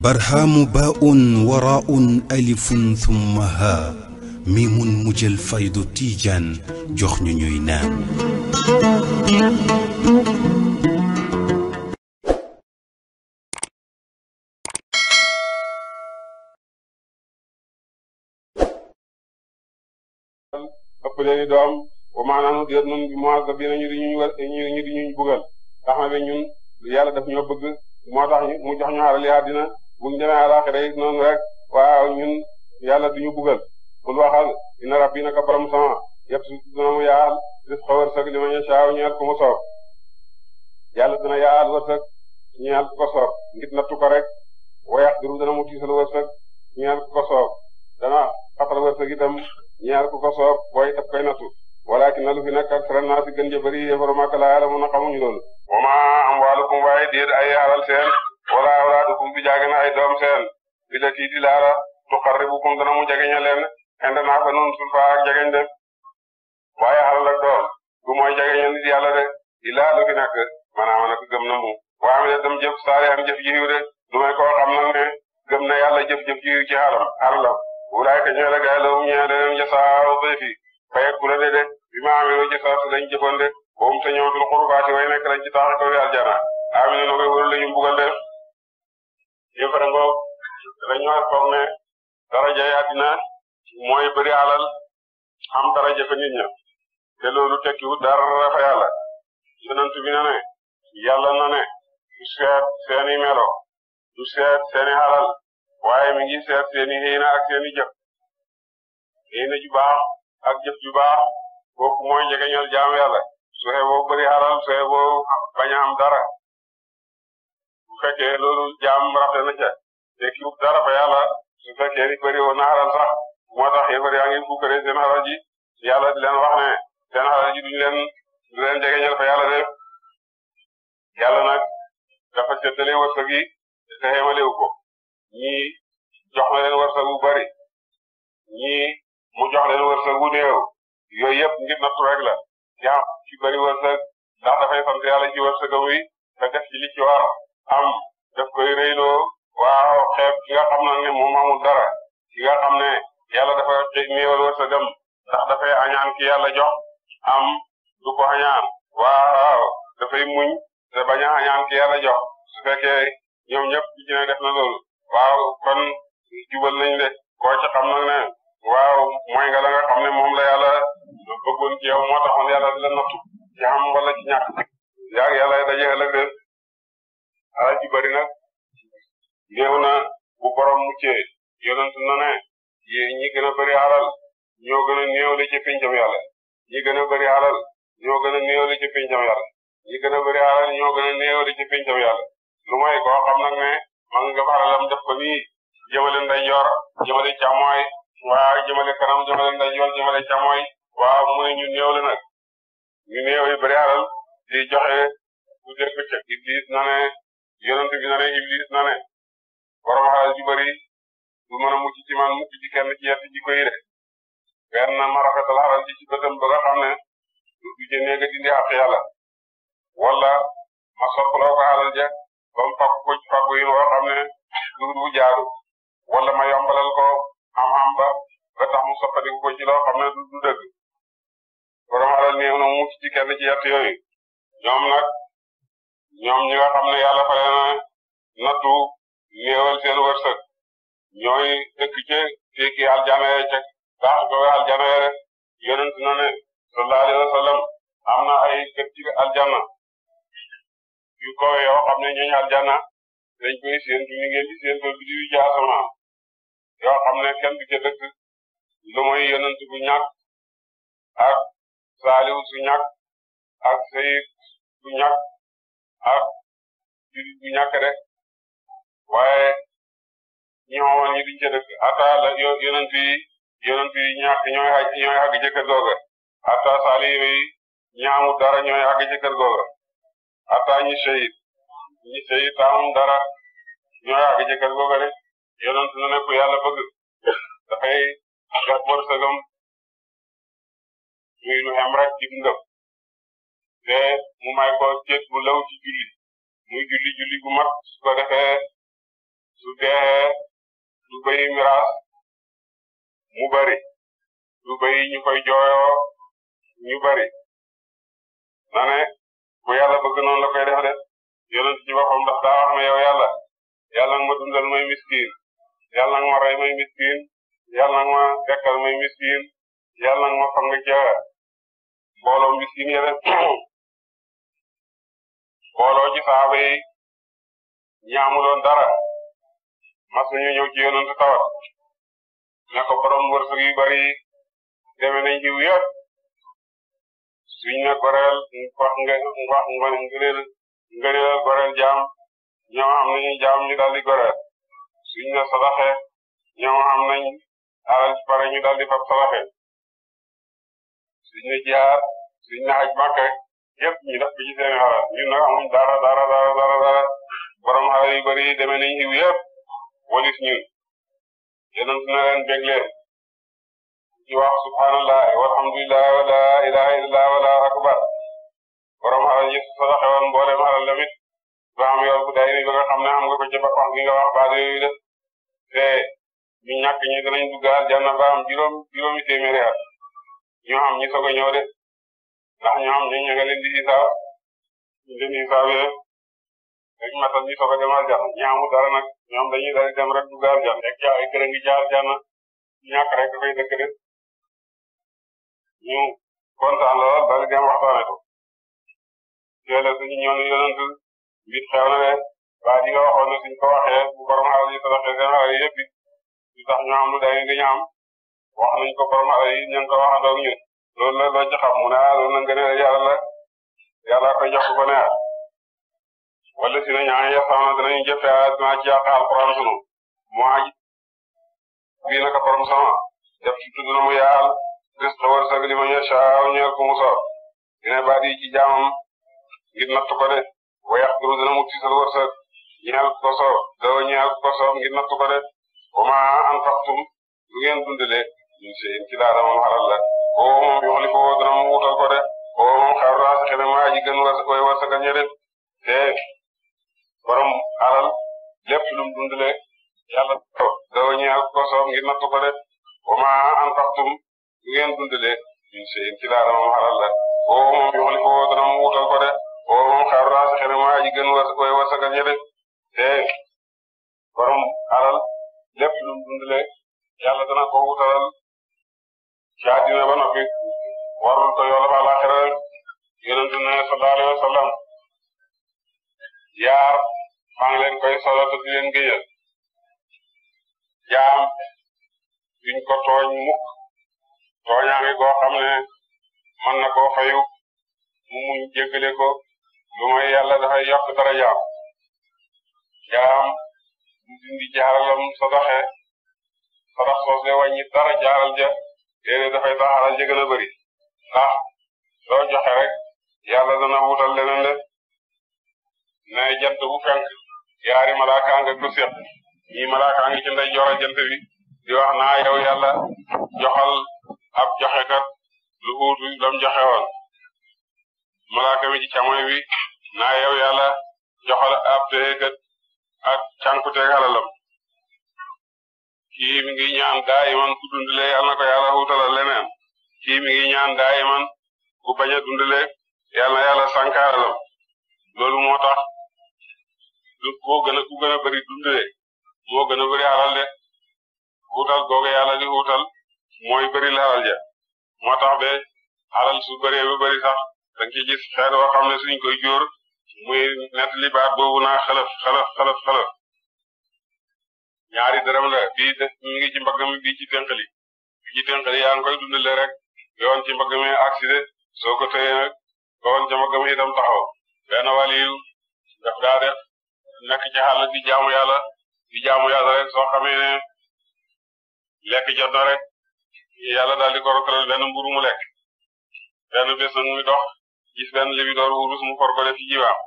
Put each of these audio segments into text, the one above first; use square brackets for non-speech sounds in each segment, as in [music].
barhaamu baaun waraaun alifun thumma haa mi mun mujjal faydu tiijaan jox ñu ñuy naan. ñu di ñu bugal tax na ñun yàlla daf ñoo bëgg moo tax mu jox ñu alal bu ñu demee alaxira it noonu rek waaw ñun yàlla duñu buggal bu kul waxal ina rabbi naka borom sama yëpp si dina mu yaal xawr sax li ma ñu saaw ñeel ko mu soob yàlla dina yaal wërsëg ñeel ku ko soob ngir nattu ko rek wayax duñu dana mu tisal wërsëg ñeel ku ko soob dana xatal wërsëg itam ñeel ku ko soob boy daf koy natu walakin na lu fi nekk ak naa si gën ja bëri yéfaru màkk laa yàlla mun a xamuñu loolu am amwaalukum waaye déet ay alal seen wala awlaadukum du jaage na ay doom seen bi la tiiti laara tuqarribukum dana mu jegeña leen indi naa fa nun sulfa ak jegeñ de waaye xalal ak doom du mooy jegeña nit yàlla de illaa lu fi nekk maanaam nag gëm na mu waaye mi ne dem jëf saari am jëf jiw de du may koo xam nag ne gëm na yàlla jëf jëf jiw ci xalam alalam wulaay ka ñëwee la gaay la wum ñëwee leneen jasaaw fay ak de bi ma amee loo jasaaw si lañ jëfoon de ba mu sa ñëw sul way nekk lañ ci taax ko wi na koy wëru yëfara ngoog dañu war foog ne daraja yi àddina mooy bëri alal xam daraja fa nit ña te loolu tekkiwu dara fa yàlla yonent bi na yàlla na ne du seet seeni melo du seet seeni alal waaye mi ngi seet seeni xiina ak seeni jëf xiina ju baax ak jëf ju baax kooku mooy jegeñal jaam yàlla su bëri alal su xeeboo dara fekkee loolu jaam rafet na ca te ki dara fa yàlla su fekkee ni bëri woon na xaral sax moo tax yéen yaa ngi bukkare seen xaral ji yàlla di leen wax ne seen xaral ji duñu leen du leen jegeñal fa yàlla de yàlla nag dafa seddale wërsëg yi te xeemalewu ko ñii jox na leen wërsëg bu bari ñii mu jox leen wërsëg bu néew yooyu yëpp ngir nattu rek la jaam ci bari wërsëg ndax dafay sant yàlla ci wërsëgam wi te def ci li ci war am daf koy réyloo waaw xeeb ki nga xam ne moom amul dara ki nga xam ne yàlla dafa néewal wërsëgam ndax dafay añaan ki yàlla jox am du ko añaan waaw dafay muñ te bañ a añaan ki jox su fekkee ñoom ñëpp ci ne def na loolu waaw kon jubal nañ de koo ci xam nag ne waaw mooy nga la nga xam ne moom la yàlla bëggoon ci yow moo taxoon yàlla di la nattu ci a ji bari na bu borom muccee yonent na ne ñi gën a bari alal ñoo gën a néew la yàlla ñi gën a bari alal ñoo gën a néew la ci ñi gën a bari alal ñoo gën a néew la ci yàlla lu may koo xam nag ne ma nga alalam def ko nii jëmale ndeyjoor jëmale càmmooy waaw jëmale kanam jëmale ndeyjoor jëmale càmmooy waaw mu ne ñu néew la ñu néew yi bari alal di joxe bu dee iblis na bi na ne iblis na ne borom xaalis ju bari du mën a mucc ci man mucc ci kenn ci yetti ji koy de benn ba nga xam ne du jënee nga dindi àq yàlla wala ma soppaloo ko xaalis ja ba mu fàq ko ci fàq yi woo du du wala ma yombalal ko am-am ba ba tax mu soppaliku ko ci du du dëgg borom xaalis néew na mucc ci kenn ci yett yooyu ñoom nag ñoom ñi nattu néewal seen wërsëg ñooy dëkk ca fii ki aljana ya ca baax ko aljana ya rek yonent na ne sallallahu alayhi wa sallam ay kër ci aljana yu ko yoo xam ne ñooñu aljana dañ koy séentu ñu ngeen di séentu bi di jaasama yoo xam ne kenn du ca dëkk lu mooy yonent bu ñàkk ak saaliw su ñàkk ak sayid bu ñàkk ak jurit bu ñàkk waaye ñi moom ñi di jënd ata la yonent yi yonent yi ñàkk ata saaliir yi dara ñooy xàgg ci kër ata ñi seyit ñi dara ñooy xàgg ci kër googa de na ne ku yàlla bëgg dafay gat wërsëgam muy lu xem rek ci ngëm te mu may ko cët bu law ci julli muy julli julli gu mat su ko su dee du bëy miraas mu bari du bëy bari bu yàlla bëgg noonu la koy def de yonent ci boppam ndax daa yàlla yàlla nga ma dundal may miskiin yàlla nga ma rey may miskiin yàlla nga ma fang ca mbooloo miskiin ya def [coughs] mbooloo ci saaba yi ñaamuloon dara mas nañu ñëw ci yonent tawat ne ko borom wërsëg yu bari deme nañ ci wépp suñ ne goreel wax nga wax nga ngëneel ngëneelal goreel jaam ñoom am nañu jaam ñu daldi goreel suñ ne sadaxe ñoom am nañ alal pare ñu daldi fab sadaxe suñ ne jihaad suñ ne aj màkke yëpp ñu def ko ci seeni xalaat ñun nag dara dara dara borom xale bari deme nañ ci walis ñun yonent na leen bég leen wax subhanallah wala ilaha illallah wala akbar borom xalal yi sa la xewoon mboolem xalal lamit ba am yool ba nga xam ne am nga ko ci ba wax gi nga de te ñu ñàkk ñi danañ duggaal ba am juróom juróomi téeméeri at xam ñi soog a de ndax ñu xam ñi ñu nga leen di isaab ñi soog a demal janna ñoom dañuy daal dem rek dugg aljana rek ca ay gërëm gi ca aljana ñàkk ñu kontaan lool daal di dem waxtaane ko yooyu la suñu ñëw ne yonent mbir de waa ji nga waxoon ne suñ ko waxee bu borom alal yi sadaxee seen alal yi ne ah loolu la nga ne yàlla wala si ne ñaane yaxtaana danañu jëfe aadna ci yàq alquran sama def ci tudd na mu yaal risq wërsëg li ma yashaaw ñeel ku mu soob dina baat yi ci jaamam ngir natt ko de wa yaqdiru dana mu tiisal wërsëg ñeel ko soob doo ñeel ko soob ngir natt ko la oo moom yuxlifu dana mu wutal ko de oo moom xaru raas xene maa ji gën way wërsëgal te borom alal lépp lu mu dundale yàlla ko doo ko soob ngir natt ko de wa ma anfaqtum lu ngeen dundale min shay'in ci daara moom alal la oo moom yoxli ko dana mu wutal ko de oo moom xaaru raasi xene ma aji gën war koy wasagal ñe de te borom alal lépp lu mu dundale yàlla dana ba noppi warul ko yoolal ba alayhi wa yaar maa ngi koy solo te di leen géyal jaam duñ ko tooñ mukk tooñaange goo xam ne mën na koo fayu mu muñ jéggale ko lu may yàlla dafay yokk dara jaam jaam mu dindi jaaralam sadaxe sadax soos dara jaaral ja léeg-léeg dafay taxaral ja gën a bëri ndax loo joxe rek yàlla dana wutal leneen na jant bu fenk yaari malaaka nga ko séq ñi malaaka ngi ci nday joor a jant bi di wax naa yow yàlla joxal ab joxekat lu huutu lam joxe woon malaaka mi ci camoy bi naa yow yàlla joxal ab téyekat ak cànkuteeg alalam kii mi ngi ñaan daayiman ku na ko yàlla huutalal leneen kii mi ngi ñaan daayiman ku bañ a dundile yàlla na yàlla sànkaaralam loolu tax moo gën a ku gën a bëri dund de moo gën a bëri alal de xuutal googe yàlla di xuutal mooy bëri la alal moo tax be alal su bëree ba bëri sax da nga ciy gis xeet woo xam ne suñ koy jóor muy net li baat boobu naa ñaari dërëm la bii mi ngi ci mbagg mi bii ci tënkali bii ci rek yoon ci mbagg mi accident ko tëyee nag yoon ci mbagg mi itam taxaw benn wàll yi daf daa def. nekk ci di jaamu yàlla di jaamu yàlla rek soo xamee ne lekk jot na rek yàlla daal di ko rottalal benn mburu mu lekk benn bés nag muy dox gis mu for ko def ci jiwaam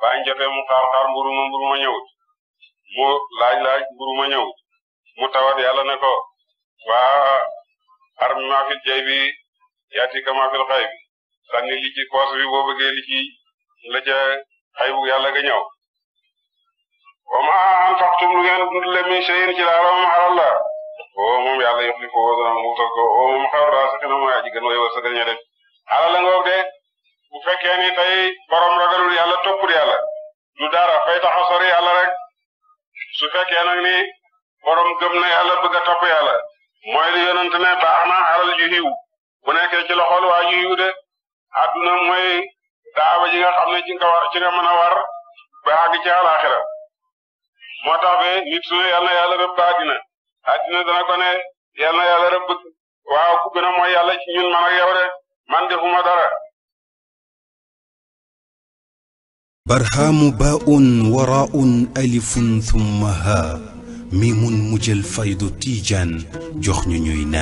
baañ jotee mu xaar xaar mburu ma mburu mu laaj laaj mburu ma ñëwut mu tawat yàlla ne ko waa armi maa fil jay bi yaati ka maa fil xay bi sànni li ci xay bu yàlla ga ñëw wa ma anfaqtum lu ngeen dundle min shay'in ci laala moom xaral la oo moom yàlla yuxlifu ko dana muutal ko oo moom xaral aji gën way wërsëgal ña def xaral la de bu fekkee ni tey borom ragalul yàlla toppul yàlla du dara fay tax a sori yàlla rek su fekkee ni borom gëm na yàlla bëgg a topp yàlla mooy li yonent ne baax na bu nekkee ci loxol waa ju xiw de adduna mooy daaba ji nga xam ne ci nga war ci nga mën a war ba àgg ci àlaaxira moo tax ba nit su yal na yàlla rëbb ba àddina àddina dana ko yal na yàlla rëbb waaw ku gën a mooy yàlla ci ñun man ak yow de man defuma dara barhamu baun waraun alifun thumma ha mimun mujjal faydu tiijaan jox ñu ñuy